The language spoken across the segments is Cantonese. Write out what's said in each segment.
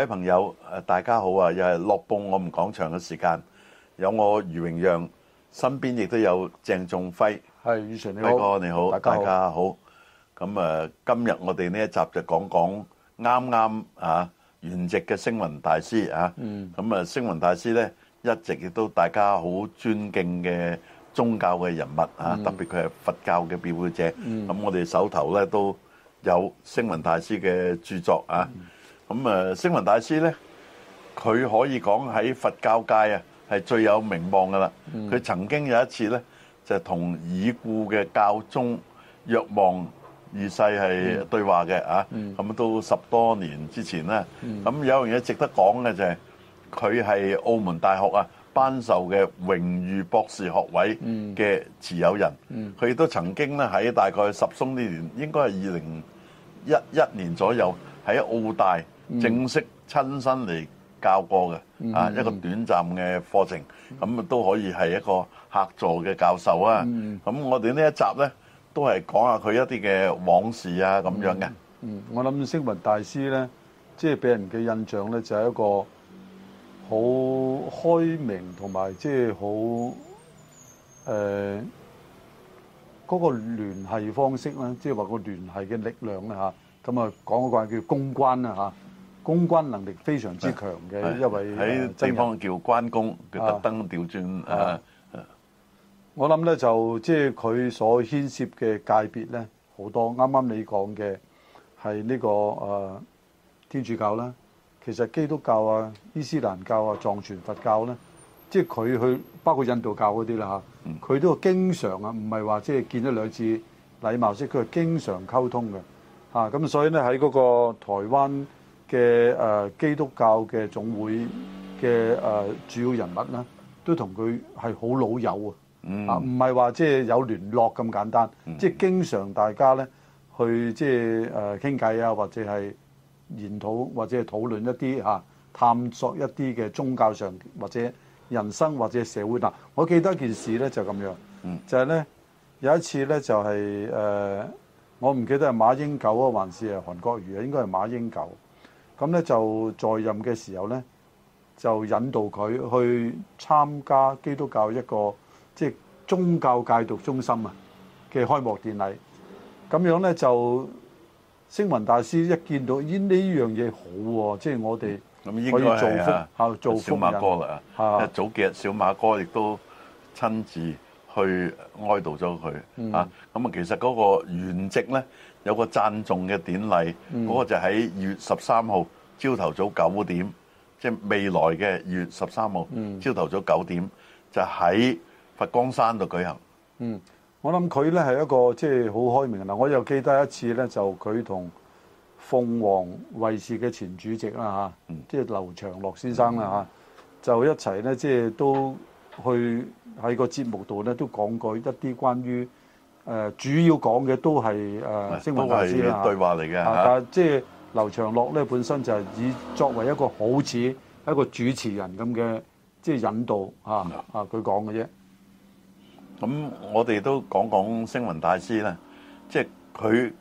各位朋友，誒大家好啊！又係樂報我哋講場嘅時間。有我余榮讓身邊亦都有鄭仲輝，係余 Sir 你好，輝哥你好，大家好。咁誒，今日我哋呢一集就講講啱啱啊圓寂嘅星雲大師啊。嗯。咁誒，星雲大師呢一直亦都大家好尊敬嘅宗教嘅人物啊，特別佢係佛教嘅代表者。嗯。咁我哋手頭呢都有星雲大師嘅著作啊。咁、嗯、啊，星雲大師咧，佢可以講喺佛教界啊，係最有名望噶啦。佢、嗯、曾經有一次咧，就係、是、同已故嘅教宗若望二世係對話嘅、嗯嗯、啊。咁到十多年之前咧，咁、嗯、有一樣嘢值得講嘅就係佢係澳門大學啊，頒授嘅榮譽博士學位嘅持有人。佢、嗯、亦、嗯、都曾經咧喺大概十鬆呢年，應該係二零一一年左右喺、嗯、澳大，正式親身嚟教過嘅，啊，一個短暫嘅課程，咁，啊都可以係一個客座嘅教授啊。咁我哋呢一集咧，都係講下佢一啲嘅往事啊，咁樣嘅、嗯。嗯，我諗星雲大師咧，即係俾人嘅印象咧，就係一個好開明同埋即係好誒嗰個聯繫方式啦，即係話個聯繫嘅力量啊嚇。咁啊講嗰個叫公關啊嚇。公關能力非常之強嘅一位，喺正方叫關公，佢特登調轉啊。我諗咧就即係佢所牽涉嘅界別咧好多。啱啱你講嘅係呢個誒天主教啦，其實基督教啊、伊斯蘭教啊、藏傳佛教咧，即係佢去包括印度教嗰啲啦吓，佢都經常啊，唔係話即係見咗兩次禮貌式，佢係經常溝通嘅吓。咁所以咧喺嗰個台灣。嘅誒基督教嘅總會嘅誒主要人物啦，都同佢係好老友啊，啊唔係話即係有聯絡咁簡單，即、嗯、係、就是、經常大家咧去即係誒傾偈啊，或者係研討或者係討論一啲嚇探索一啲嘅宗教上或者人生或者社會啊。我記得一件事咧就咁樣，就係、是、咧有一次咧就係、是、誒、呃、我唔記得係馬英九啊，還是係韓國瑜啊，應該係馬英九。咁咧就在任嘅時候咧，就引導佢去參加基督教一個即係宗教戒毒中心啊嘅開幕典禮。咁樣咧就星雲大師一見到咦呢樣嘢好喎，即係我哋可以造福啊！小馬哥啦，啊、早幾日小馬哥亦都親自去哀悼咗佢、嗯、啊。咁啊，其實嗰個原跡咧。有個讚頌嘅典禮，嗰、嗯，那個就喺二月十三號朝頭早九點，即係未來嘅二月十三號朝頭早九點，就喺、是嗯、佛光山度舉行。嗯，我諗佢呢係一個即係好開明啦，我又記得一次呢，就佢同鳳凰衛視嘅前主席啦嚇，即、嗯、係、就是、劉長樂先生啦嚇、嗯，就一齊呢，即、就、係、是、都去喺個節目度呢，都講過一啲關於。誒主要講嘅都係誒星雲大師啦，對話嚟嘅但係即係劉長樂咧，本身就係以作為一個好似一個主持人咁嘅即係引導嚇啊佢講嘅啫。咁我哋都講講星雲大師啦，即係佢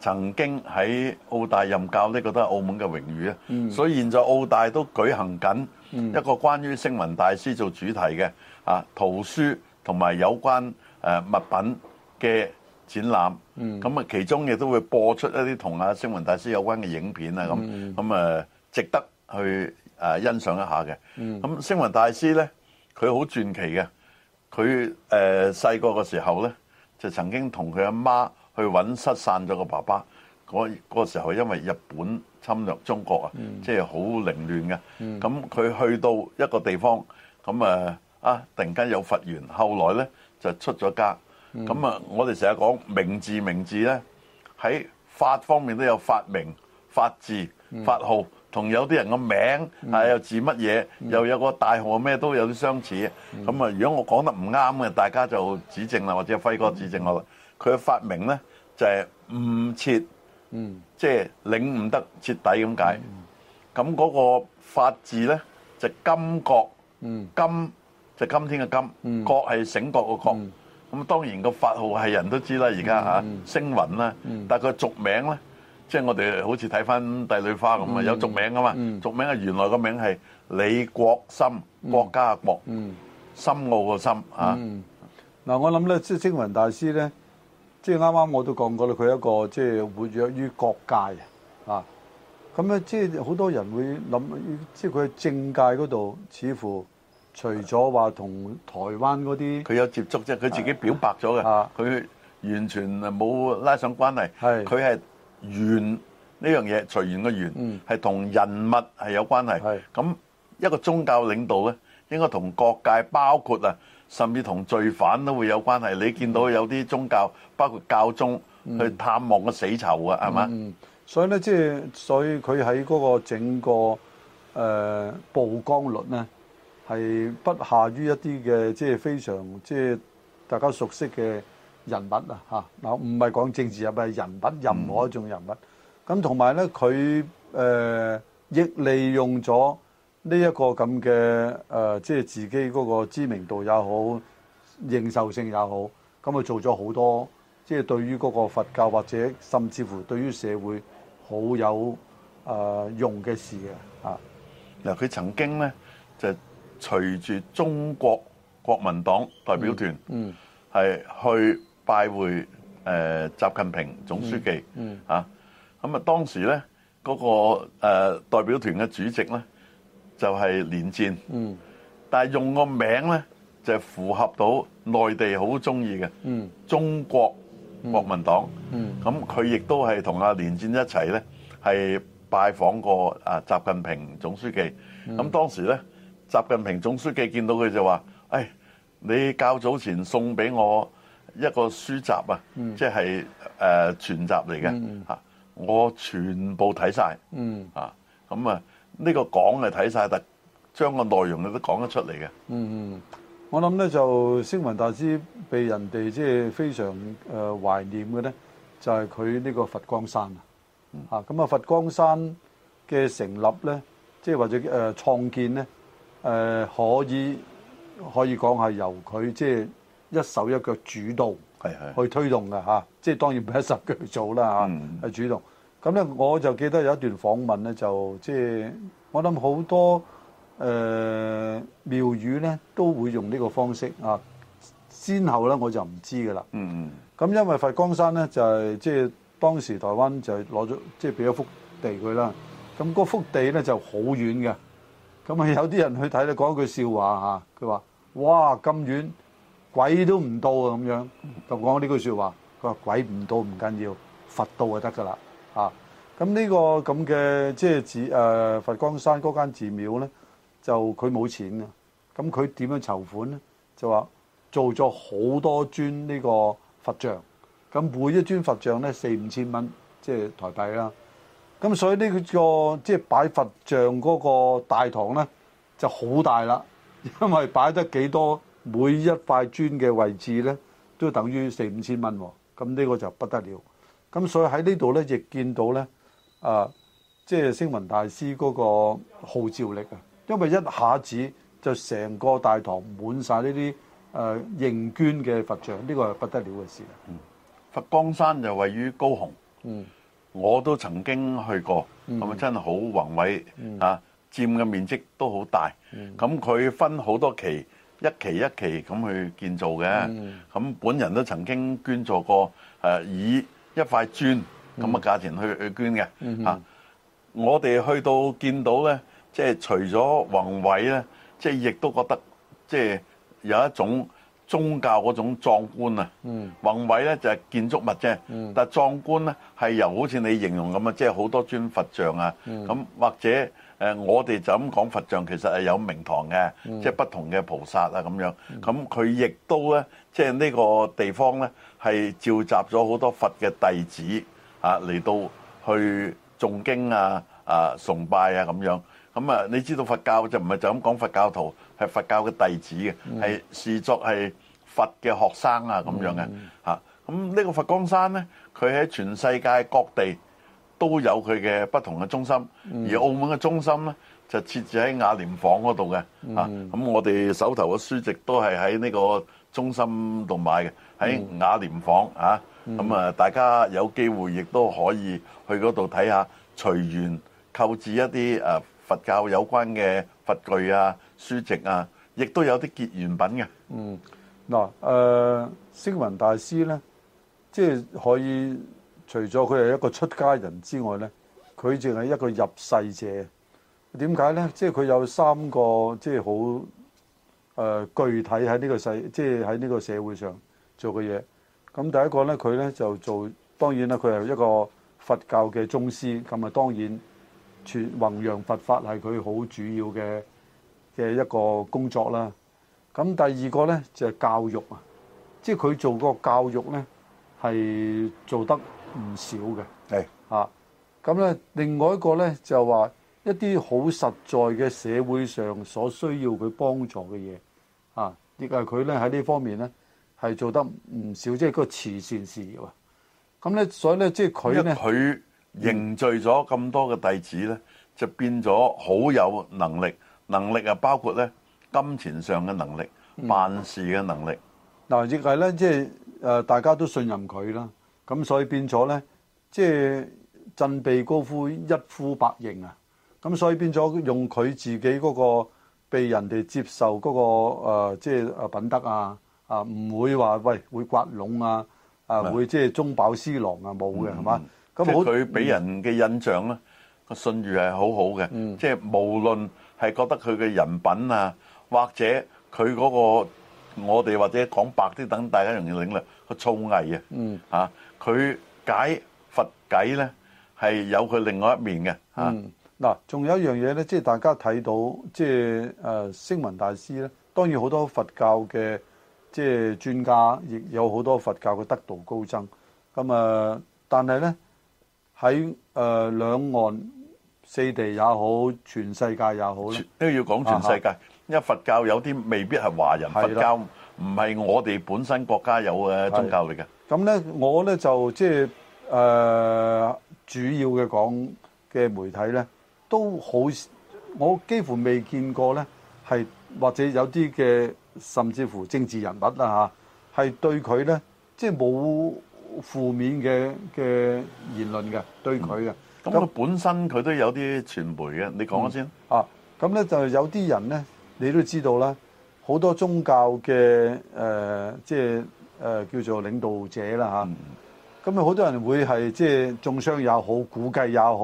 曾經喺澳大任教呢個都係澳門嘅榮譽啊。所以現在澳大都舉行緊一個關於星雲大師做主題嘅啊圖書同埋有關誒物品。嘅展覽，咁啊，其中亦都會播出一啲同阿星雲大師有關嘅影片啊，咁咁啊，值得去誒欣賞一下嘅。咁、嗯、星雲大師呢，佢好傳奇嘅。佢誒細個嘅時候呢，就曾經同佢阿媽去揾失散咗個爸爸。嗰、那個、時候因為日本侵略中國啊，即係好凌亂嘅。咁、嗯、佢去到一個地方，咁誒啊，啊，突然間有佛緣，後來呢，就出咗家。咁啊！我哋成日講名字，名字咧喺法方面都有法名、法字、法號，同有啲人嘅名啊又字乜嘢，又有個大號咩都有啲相似。咁啊，如果我講得唔啱嘅，大家就指正啦，或者輝哥指正我。佢嘅法名咧就係悟徹，即係領悟得徹底咁解。咁嗰個法字咧就今覺，今就今天嘅今，覺係醒覺嘅覺。咁當然個法號係人都知啦，而家嚇星雲啦，但佢俗名咧，即係我哋好似睇翻帝女花咁啊，有俗名㗎嘛，俗名啊原來個名係李國深，國家嘅國，深奧嘅深啊。嗱，我諗咧，即係星雲大師咧，即係啱啱我都講過啦，佢一個即係活躍於各界啊。咁咧，即係好多人會諗，即係佢喺政界嗰度似乎。除咗話同台灣嗰啲，佢有接觸啫，即係佢自己表白咗嘅，佢完全冇拉上關係。佢係緣呢樣嘢，隨緣嘅緣，係同人物係有關係。咁一個宗教領導咧，應該同各界包括啊，甚至同罪犯都會有關係。你見到有啲宗教，包括教宗去探望個死囚啊，係嘛？所以咧，即係所以佢喺嗰個整個誒曝光率咧。係不下於一啲嘅，即係非常即係大家熟悉嘅人物啊！嚇嗱，唔係講政治入邊係人物，任何一種人物。咁同埋咧，佢誒亦利用咗呢一個咁嘅誒，即係自己嗰個知名度也好、認受性也好，咁佢做咗好多即係對於嗰個佛教或者甚至乎對於社會好有誒用嘅事嘅嚇。嗱，佢曾經咧就。隨住中國國民黨代表團係、嗯嗯、去拜會誒習近平總書記、嗯嗯、啊，咁啊當時咧、嗰個、誒、代表團嘅主席咧就係、係、連戰，嗯、但係用個名咧就係符合到內地好中意嘅中國國民黨。咁佢亦都係同阿連戰一齊咧係拜訪過啊習近平總書記。咁、嗯、當時咧。習近平總書記見到佢就話，誒、哎，你較早前送俾我一個書集啊、嗯，即係誒、呃、全集嚟嘅嚇，我全部睇曬、嗯、啊。咁、嗯、啊，呢、這個講係睇晒，但將個內容你都講得出嚟嘅。嗯嗯，我諗咧就星雲大師被人哋即係非常誒、呃、懷念嘅咧，就係佢呢個佛光山啊嚇。咁、嗯、啊，那佛光山嘅成立咧，即、就、係、是、或者誒、呃、創建咧。誒、呃、可以可以講係由佢即係一手一腳主、啊就是啊嗯嗯、主導，去推動嘅，即係當然唔係一手腳做啦嚇，主動。咁咧我就記得有一段訪問咧，就即係、就是、我諗好多誒廟宇咧都會用呢個方式啊，先後咧我就唔知㗎啦。嗯嗯。咁因為佛光山咧就係即係當時台灣就攞咗即係俾咗幅地佢啦，咁嗰幅地咧就好遠嘅。咁啊，有啲人去睇你講一句笑話，佢話：哇，咁遠，鬼都唔到啊咁樣。就講呢句說話，佢話鬼唔到唔緊要，佛到就得噶啦。啊，咁呢個咁嘅即係寺誒佛光山嗰間寺廟咧，就佢冇錢啊。咁佢點樣籌款咧？就話做咗好多尊呢個佛像，咁每一尊佛像咧四五千蚊，即係台幣啦。咁所以呢、這個即係、就是、擺佛像嗰個大堂呢就好大啦，因為擺得幾多，每一塊磚嘅位置呢都等於四五千蚊喎。咁呢個就不得了。咁所以喺呢度呢亦見到呢，啊，即、就、係、是、星文大師嗰個號召力啊，因為一下子就成個大堂滿晒呢啲誒認捐嘅佛像，呢，這個係不得了嘅事，嗯，佛光山就位於高雄。嗯我都曾經去過，咁啊真係好宏偉啊！佔嘅面積都好大，咁佢分好多期，一期一期咁去建造嘅。咁本人都曾經捐助過，誒以一塊磚咁嘅價錢去去捐嘅吓。我哋去到見到咧，即係除咗宏偉咧，即係亦都覺得即係有一種。宗教嗰種壯觀啊，宏偉咧就係建築物啫。嗯、但係壯觀咧係由好似你形容咁啊，即係好多尊佛像啊、嗯。咁或者誒，我哋就咁講佛像其實係有名堂嘅，即係不同嘅菩薩啊咁樣。咁佢亦都咧，即係呢個地方咧係召集咗好多佛嘅弟子啊嚟到去誦經啊。啊崇拜啊咁樣，咁啊你知道佛教就唔係就咁講佛教徒係佛教嘅弟子嘅，係視作係佛嘅學生啊咁樣嘅嚇。咁、mm. 呢、啊、個佛光山呢，佢喺全世界各地都有佢嘅不同嘅中心，mm. 而澳門嘅中心呢，就設置喺雅廉訪嗰度嘅嚇。咁、啊 mm. 啊、我哋手頭嘅書籍都係喺呢個中心度買嘅，喺雅廉訪。嚇、啊。咁、mm. 啊，啊，大家有機會亦都可以去嗰度睇下，隨緣。購置一啲誒佛教有關嘅佛具啊、書籍啊，亦都有啲結緣品嘅。嗯，嗱誒，星雲大師呢，即係可以除咗佢係一個出家人之外呢，佢仲係一個入世者。點解呢？即係佢有三個即係好具體喺呢個世，即係喺呢個社會上做嘅嘢。咁第一個呢，佢呢就做當然啦，佢係一個佛教嘅宗師，咁啊，當然。弘揚佛法係佢好主要嘅嘅一個工作啦。咁第二個呢，就係教育啊，即係佢做個教育呢，係做得唔少嘅。係啊，咁呢，另外一個呢，就係話一啲好實在嘅社會上所需要佢幫助嘅嘢啊，亦係佢呢喺呢方面呢，係做得唔少，即係個慈善事業啊。咁呢，所以呢，即係佢呢。凝聚咗咁多嘅弟子呢，就變咗好有能力，能力啊，包括呢金錢上嘅能力、辦事嘅能力嗯嗯嗯。嗱、嗯，亦係呢，即係大家都信任佢啦，咁所以變咗呢，即係振臂高呼一呼百應啊！咁所以變咗用佢自己嗰個被人哋接受嗰、嗰個即係、呃就是、品德啊啊，唔會話喂會刮龍啊啊，啊嗯、會即係、就是、中飽私囊啊，冇嘅係嘛？即係佢俾人嘅印象咧，個信譽係好好嘅。即係無論係覺得佢嘅人品啊，或者佢嗰個我哋或者講白啲，等大家容易領略個造詣啊。嚇佢解佛偈咧，係有佢另外一面嘅嚇。嗱，仲有一樣嘢咧，即係大家睇到即係誒星雲大師咧，當然好多佛教嘅即係專家，亦有好多佛教嘅得道高僧咁啊。但係咧。喺誒、呃、兩岸四地也好，全世界也好都要講全世界、啊，因為佛教有啲未必係華人是佛教，唔係我哋本身國家有嘅宗教嚟嘅。咁咧，我咧就即係誒主要嘅講嘅媒體咧，都好，我幾乎未見過咧，係或者有啲嘅，甚至乎政治人物啦、啊、嚇，係對佢咧，即係冇。負面嘅嘅言論嘅對佢嘅，咁本身佢都有啲傳媒嘅，你講下先啊。咁咧就有啲人咧，你都知道啦。好多宗教嘅誒、呃，即係誒、呃、叫做領導者啦嚇。咁、嗯、啊，好多人會係即係中傷也好，估計也好，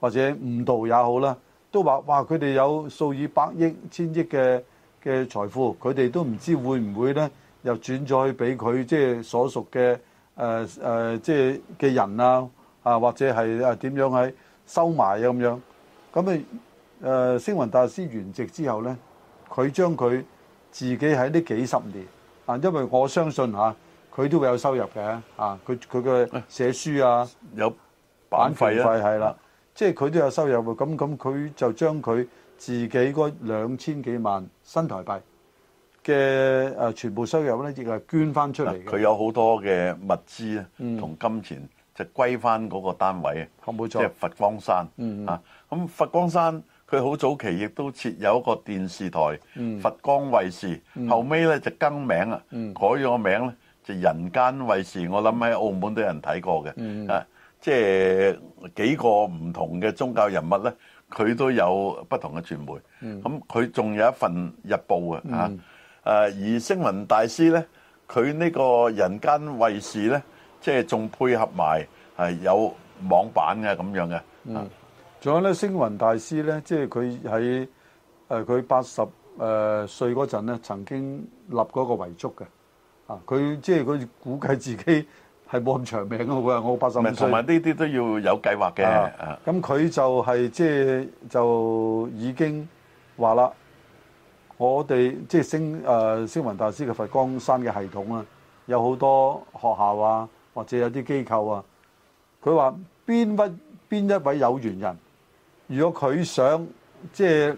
或者誤導也好啦，都話哇佢哋有數以百億、千億嘅嘅財富，佢哋都唔知會唔會咧又轉咗去俾佢即係所屬嘅。誒、呃、誒、呃，即係嘅人啊，啊或者係啊點樣喺收埋啊咁樣，咁啊誒星雲大師圓寂之後咧，佢將佢自己喺呢幾十年啊，因為我相信嚇佢都會有收入嘅啊，佢佢嘅寫書啊有版費啦，係啦，即係佢都有收入喎，咁咁佢就將佢自己嗰兩千幾萬新台幣，嘅誒，全部收入咧亦係捐翻出嚟。佢有好多嘅物資咧，同金錢就歸翻嗰個單位，即係，嗯，冇錯，嗯，佛光山啊。咁佛光山佢好早期亦都設有一個電視台，嗯嗯嗯佛光衛視。後尾咧就更名啊，改咗個名咧就人間衛視。我諗喺澳門都有人睇過嘅啊，即、就、係、是、幾個唔同嘅宗教人物咧，佢都有不同嘅傳媒。咁佢仲有一份日報、啊誒而星雲大師咧，佢呢個人間遺事人間衛視咧，即係仲配合埋係有網版嘅咁樣嘅。嗯，仲有咧，星雲大師咧，即係佢喺誒佢八十誒歲嗰陣咧，曾經立嗰個遺囑嘅。啊，佢即係佢估計自己係冇咁長命嘅喎。我八十同埋呢啲都要有計劃嘅。啊，咁佢就係、是、即係就已經話啦。我哋即係星誒星雲大師嘅佛光山嘅系統啊，有好多學校啊，或者有啲機構啊。佢話邊位邊一位有緣人，如果佢想即係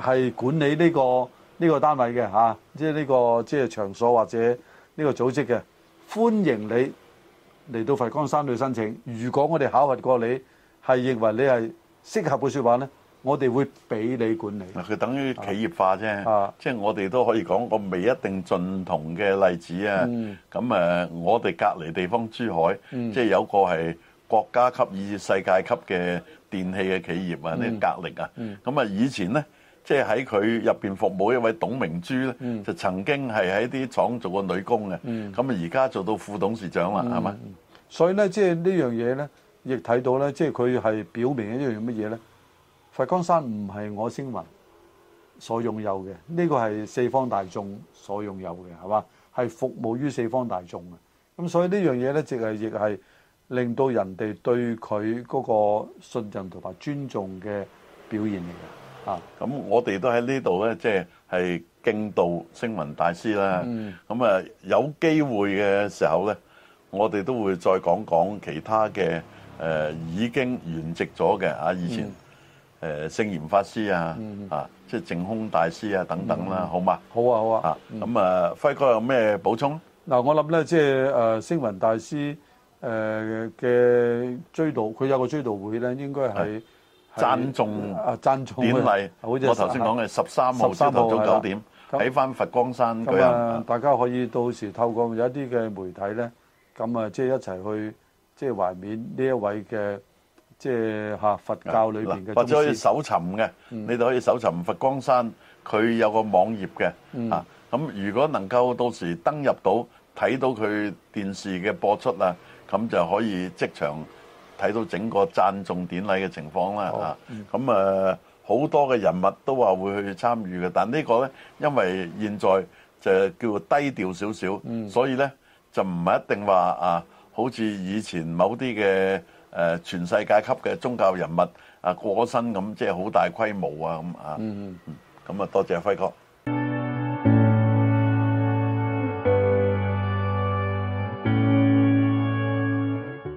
係管理呢個呢個單位嘅吓，即係呢個即係場所或者呢個組織嘅，歡迎你嚟到佛光山度申請，如果我哋考核過你，係認為你係適合嘅說話咧，我哋會俾你管理，嗱，佢等於企業化啫，即、啊、係、就是、我哋都可以講個未一定盡同嘅例子啊。咁、嗯、我哋隔離地方珠海，即、嗯、係、就是、有個係國家級以至世界級嘅電器嘅企業啊，啲格力啊。咁、嗯、啊，嗯、以前呢，即係喺佢入邊服務一位董明珠咧、嗯，就曾經係喺啲廠做過女工嘅。咁、嗯、啊，而家做到副董事長啦，係、嗯、咪？所以呢，即係呢樣嘢呢，亦睇到、就是、是呢，即係佢係表明一樣乜嘢呢？佛光山唔係我星雲所擁有嘅，呢、這個係四方大眾所擁有嘅，係嘛？係服務於四方大眾嘅。咁所以這件事呢樣嘢咧，亦係亦係令到人哋對佢嗰個信任同埋尊重嘅表現嚟嘅。啊，咁我哋都喺呢度咧，即係係敬道星雲大師啦。咁、嗯、啊，有機會嘅時候咧，我哋都會再講講其他嘅誒、呃、已經圓寂咗嘅啊，以前。嗯誒聖嚴法師啊，嗯、啊，即係淨空大師啊，等等啦、啊嗯，好嘛？好啊，好啊。啊，咁、嗯、啊，輝哥有咩補充？嗱，我諗咧，即係誒星雲大師誒嘅、啊、追悼，佢有個追悼會咧，應該係讚頌、嗯、啊，讚頌典禮。好似我頭先講嘅十三號朝頭早九點，喺翻佛光山舉行啊，大家可以到時透過有一啲嘅媒體咧，咁啊，即、就、係、是、一齊去即係、就是、懷緬呢一位嘅。即係佛教裏邊或者可以搜尋嘅、嗯，你哋可以搜尋佛光山，佢有個網頁嘅嚇。咁、嗯啊、如果能夠到時登入到睇到佢電視嘅播出啊，咁就可以即場睇到整個讚頌典禮嘅情況啦嚇。咁誒好多嘅人物都話會去參與嘅，但呢個呢，因為現在就叫低調少少，嗯、所以呢，就唔係一定話啊，好似以前某啲嘅。誒全世界級嘅宗教人物啊，過身咁，即係好大規模啊咁啊，咁啊、mm -hmm. 多謝輝哥。